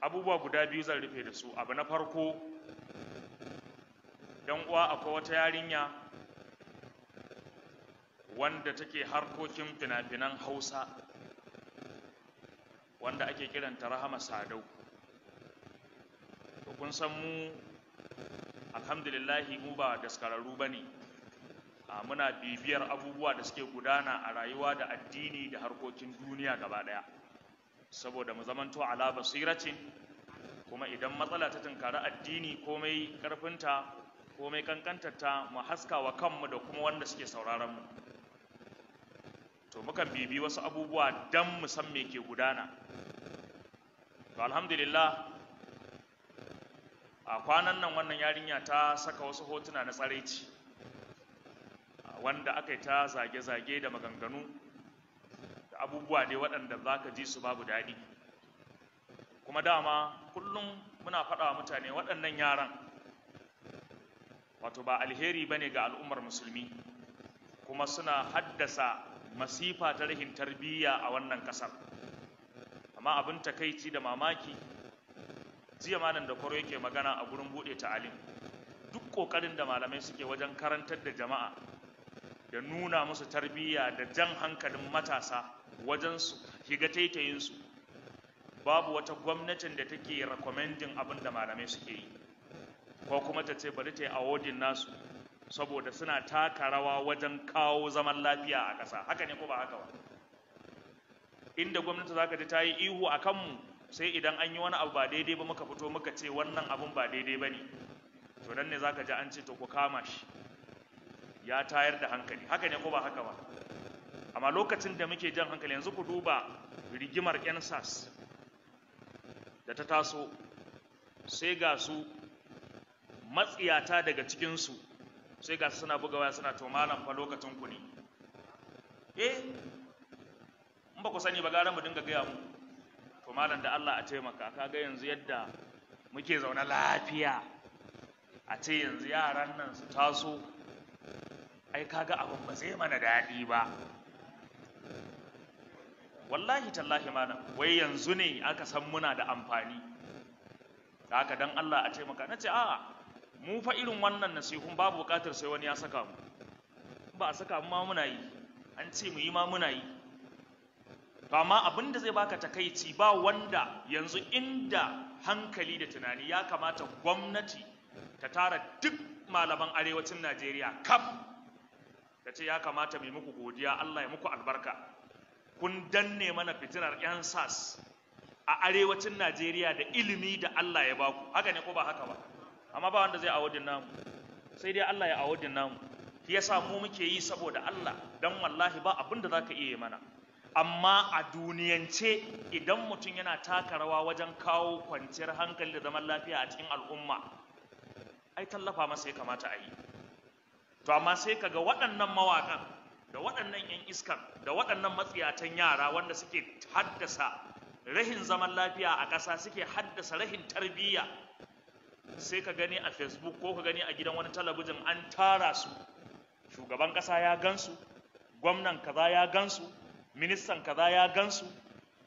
abubuwa guda biyu zan rufe da su abu na farko Ɗan uwa akwai wata yarinya wanda take harkokin fina-finan hausa wanda ake kiranta rahama sadau to kun san mu alhamdulillahi mu ba daskararru ba ne muna bibiyar abubuwa da suke gudana a rayuwa da addini da harkokin duniya gaba ɗaya saboda mu zamanto ala basiratin kuma idan matsala ta tunkari addini komai ƙarfinta komai kankantarta mu haska wa kanmu da kuma wanda suke sauraron mu to mukan bibi wasu abubuwa dan mu san me ke gudana to alhamdulillah a kwanan nan wannan yarinya ta saka wasu hotuna na tsaraici wanda aka yi ta zage-zage da maganganu abubuwa ne waɗanda za ka ji su babu daɗi kuma dama kullum muna faɗa wa mutane waɗannan yaran wato ba alheri ba ne ga al'ummar musulmi kuma suna haddasa masifa ta rahin tarbiyya a wannan ƙasar amma abin takaici da mamaki jiya malam da kwaro yake magana a gurin buɗe ta ta'alim duk ƙoƙarin da malamai suke wajen karantar da jama'a da nuna musu tarbiyya da jan hankalin matasa wajen su shiga taitayin su babu wata gwamnatin da take recommending abin da malamai suke yi ko kuma ta ce bari ta yi awodin nasu saboda suna taka rawa wajen kawo zaman lafiya a ƙasa haka ne ko ba haka ba inda gwamnati za ka ta yi ihu a kanmu sai idan an yi wani abu ba daidai ba muka fito muka ce wannan abun ba daidai ba ne to nan ne za ka ji an ce to ku kama shi ya tayar da hankali haka ne ko ba haka ba amma lokacin da muke jan hankali yanzu ku duba rigimar yan sas da ta taso sai ga su matsiyata daga cikinsu sai ga su suna buga waya suna to malam fa lokacin ku ne eh in ba ku sani ba gara mu dinga gaya mu to da Allah a taimaka kaga yanzu yadda muke zaune lafiya a ce yanzu yaran nan su taso ai kaga abin ba zai mana daɗi ba wallahi tallahi mana wai yanzu ne aka san muna da amfani da haka dan Allah a taimaka ce a mu fa irin wannan nasihun babu bukatar sai wani ya saka mu ba a saka mu ma muna yi an ce mu yi ma muna yi to amma abin da zai baka takaici ba wanda yanzu inda hankali da tunani ya kamata gwamnati ta tara duk malaman arewacin Najeriya kaf ta ce ya kamata mai muku godiya Allah ya muku albarka kun danne mana fitinar 'yan sas a arewacin Najeriya da ilimi da Allah ya baku haka ne ko ba haka ba amma ba wanda zai awadin namu sai dai Allah ya awadin namu shi yasa mu muke yi saboda Allah don wallahi ba abin da ka iya mana amma a duniyance idan mutum yana taka rawa wajen kawo kwanciyar hankali da zaman lafiya a cikin al'umma ai tallafa masa ya kamata a yi to amma sai kaga waɗannan mawaƙan da waɗannan 'yan iskan da waɗannan matsiyatan yara wanda suke haddasa rahin zaman lafiya a ƙasa suke haddasa rahin tarbiyya sai ka gani a facebook ko ka gani a gidan wani talabijin an tara su shugaban ƙasa ya gansu gwamnan kaza ya gansu ministan kaza ya gansu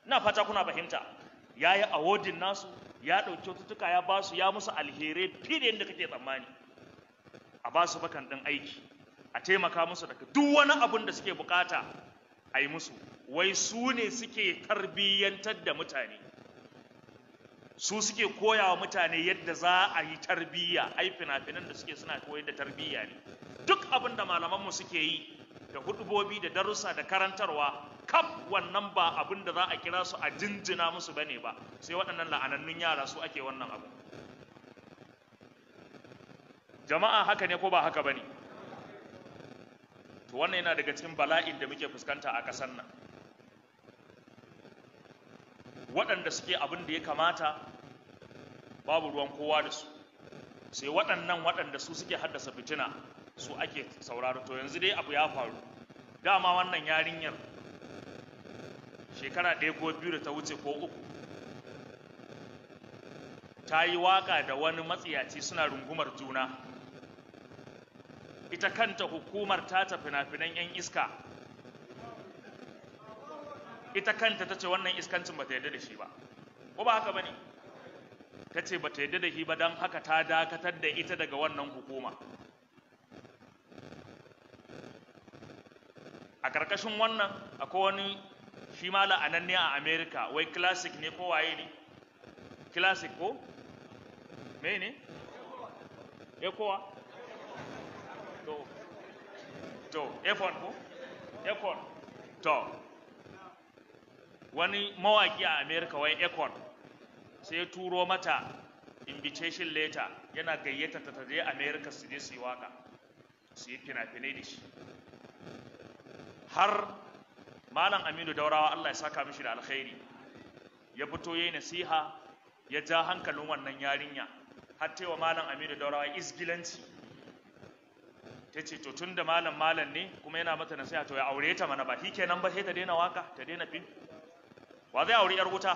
na fata kuna fahimta ya yi awodin nasu ya ɗauki cututtuka ya basu ya musu alherai fiye da yadda kake tsammani a basu bakan ɗin aiki a taimaka musu daga duk wani abun da suke bukata a yi musu wai su ne suke tarbiyyantar da mutane su suke koya wa mutane yadda za a yi tarbiyya ai fina-finan da suke suna koyar da tarbiyya ne duk abin da malamanmu suke yi da hudubobi da darussa da karantarwa kaf wannan ba abin da za a kira su a jinjina musu bane ba sai waɗannan la'anannun yara su ake wannan abu jama'a haka ne ko ba haka bane to wannan yana daga cikin bala'in da muke fuskanta a ƙasar nan waɗanda suke abin da ya kamata babu ruwan kowa da su sai waɗannan waɗanda su suke haddasa fitina su ake sauraro to yanzu dai abu ya faru dama wannan yarinyar shekara ɗaya ko biyu da ta wuce ko uku ta yi waƙa da wani matsiyaci suna rungumar juna ita kanta hukumar tata fina-finan 'yan iska ita kanta ta ce wannan iskancin ba ta yarda da shi ba ko ba haka ba ne ta ce ba ta yarda da shi ba don haka ta dakatar da ita daga wannan hukuma a ƙarƙashin wannan akwai wani shi ma ne a Amerika wai classic ne ko waye ne classic ko me ne ya kowa to to efon ko ekon to wani mawaki a america wai ekon sai turo mata invitation letter yana gayyata ta je america su je su yi waka su yi fina-finai da shi har malam aminu daurawa allah ya saka mishi da alkhairi ya fito yayi nasiha ya ja hankalin wannan yarinya har taiwa malam aminu daurawa isgilanci ta ce to tun da malam malam ne kuma yana mata nasiha to ya aure ta mana ba shikenan ba sai ta daina waka ta daina fim wa zai aure yar wuta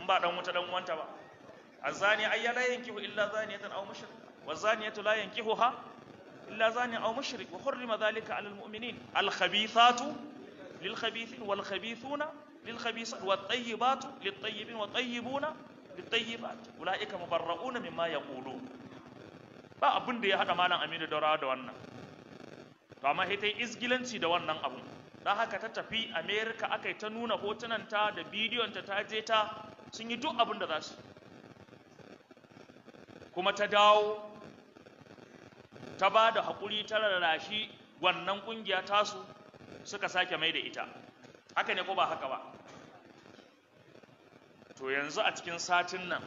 in ba dan wuta dan uwanta ba azani ay la yankihu illa zaniyatan aw mushrik wa zaniyatu la ha? illa zani aw mushrik wa hurrima dhalika ala almu'minin al khabithatu lil khabithin wal lil khabithat wat tayyibatu lit tayyibin wat tayyibuna lit tayyibat ulaika mubarra'una mimma yaqulun ba abin da ya haɗa malam aminu da rawa da wannan to amma ta yi izgilanci da wannan abu don haka ta tafi amerika aka yi ta nuna hotunanta da bidiyonta ta je ta sun yi duk abin da za su kuma ta dawo ta ba da haƙuri ta rarrashi wannan ƙungiya tasu suka sake mai da ita haka ne ko ba haka ba to yanzu a cikin satin nan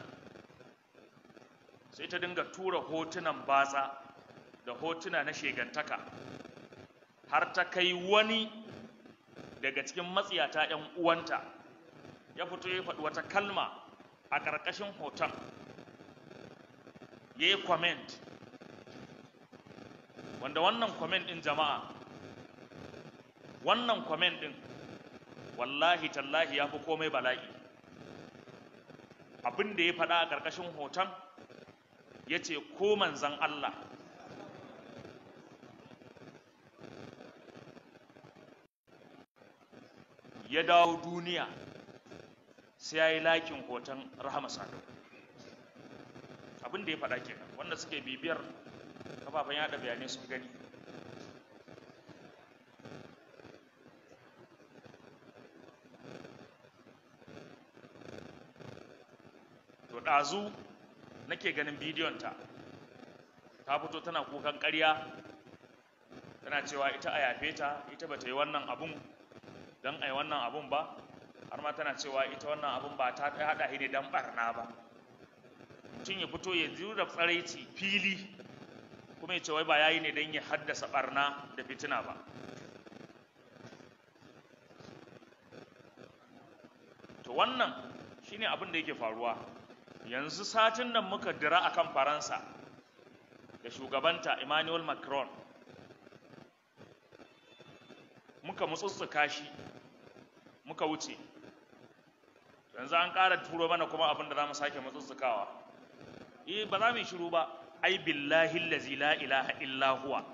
sai ta dinga tura hotunan batsa da hotuna na shegantaka har ta kai wani daga cikin matsiyata 'yan uwanta ya fito ya faɗi wata kalma a ƙarƙashin hoton ya yi comment wanda wannan comment ɗin jama'a wannan comment ɗin wallahi tallahi ya fi komai bala'i abinda ya faɗa a ƙarƙashin hoton ya ce ko manzan Allah ya dawo duniya sai ya yi lakin hoton rahama sadau abinda ya faɗa ke wanda suke bibiyar kafafen yada bayanai sun gani to ɗazu nake ganin bidiyon ta ta fito tana kukan ƙarya tana cewa ita a yafe ta ita bata yi wannan abun don a yi wannan abun ba har ma tana cewa ita wannan abun ba ta haɗa ne don barna ba mutum ya fito ya zura tsaraici fili kuma ya ce wai ba ya yi ne don ya haddasa ɓarna da fitina ba to wannan shine abin da yake faruwa yanzu satin nan muka dira kan faransa da shugabanta emmanuel macron muka mutsutsuka shi muka wuce yanzu an ƙara turo mana kuma abin da za mu sake mutsutsukawa eh ba za mu yi shiru ba ai billahi lazi la ilaha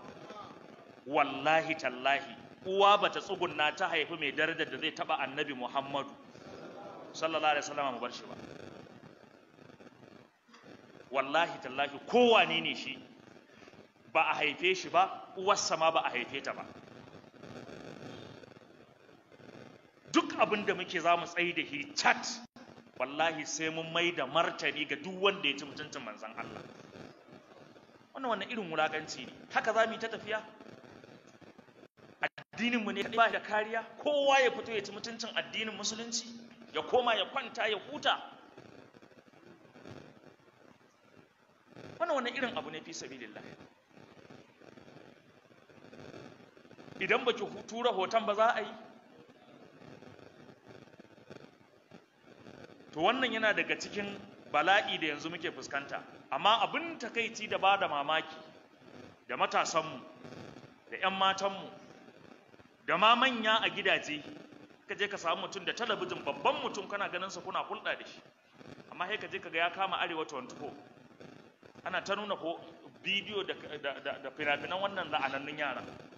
wallahi tallahi uwa bata tsugunna ta haifi mai darajar da zai taba annabi muhammadu sallallahu alaihi wasallam mu bar shi ba wallahi tallafi kowane ne shi ba a haife shi ba uwarsa ma ba a haife ta ba duk abin da muke za mu tsaye da shi chat wallahi sai mun mai da martani ga duk wanda ya ci mutuncin manzan Allah wannan wannan irin wulaganci ne haka za mu ta tafiya mu ne ba da kariya kowa ya fito ya ci mutuncin addinin musulunci ya koma ya kwanta ya huta wannan wani irin abu ne fi sabilillah idan ba ki tura hoton ba za a yi to wannan yana daga cikin bala'i da yanzu muke fuskanta amma abin takaici da ba da mamaki da matasanmu da 'yan matanmu da ma manya a gidaje ka je ka samu mutum da talabijin babban mutum kana ganin sa kuna hulɗa da shi amma sai kaje je ka ga ya kama arewa 24 ana ta nuna ko bidiyo da fina-finan wannan la'anannun yara